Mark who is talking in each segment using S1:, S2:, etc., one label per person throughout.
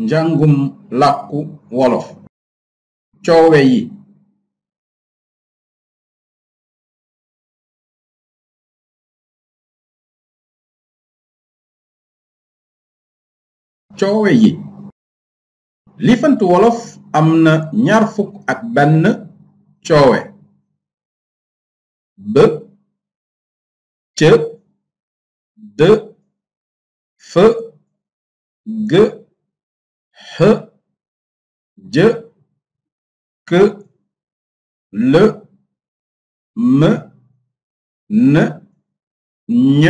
S1: njàngum lakku wolof coowe yi coowe lifantu wolof am na ñaar ak benn coowe b c d f g x jë k l m n ñ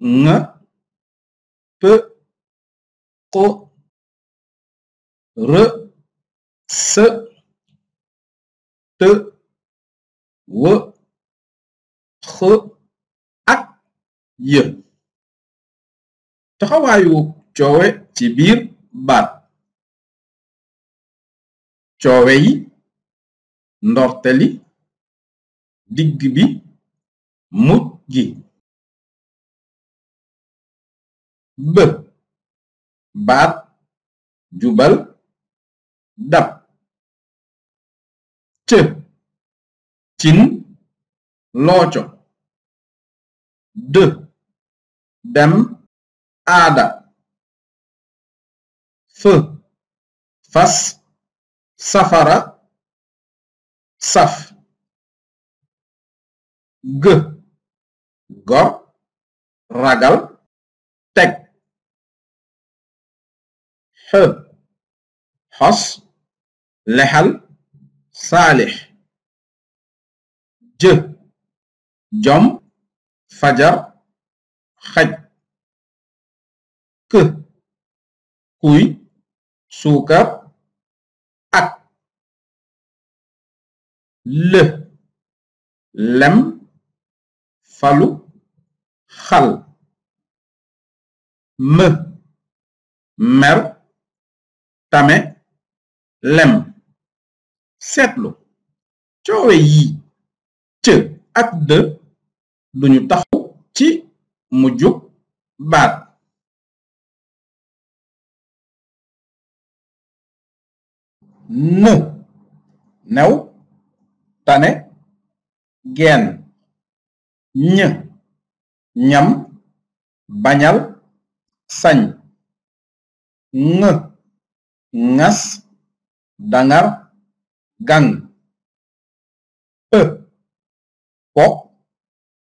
S1: ŋ p q r s t w x ak y taxawaayu coowe ci baat coowe ndorteli digg bi mujj gi b baat jubal dab c cin looco d dem aada fë fas safara saf gor ragal teg xë xos lexal saalix jë jom fajar xaj kuy suukar ak lë lem falu xal më mer tame lem seetlu coowe yi c ak d duñu taxu ci mujjug baat nu new tane geen ñë ñam bañal sañ ŋë ŋas dangar gang ë po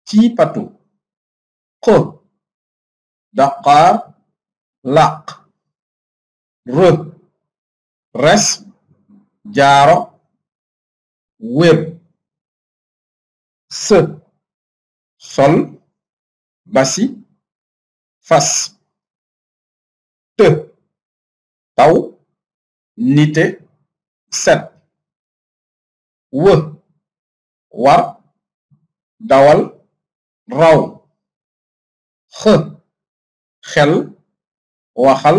S1: ciipatu xë daqaar làq rë res Mm-hmm. jaaro wér së sol basi fas të taw nite set wë war dawal raw xë xel waxal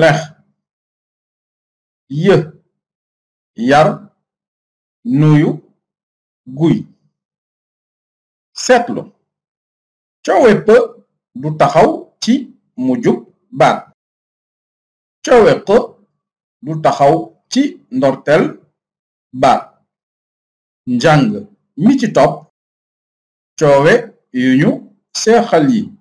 S1: lex yë yar nuyu guy seetlu cowepp du taxaw ci mujjub baat cowepp du taxaw ci ndorteel baat njàng mi ci topp coowe yu ñu seexal yi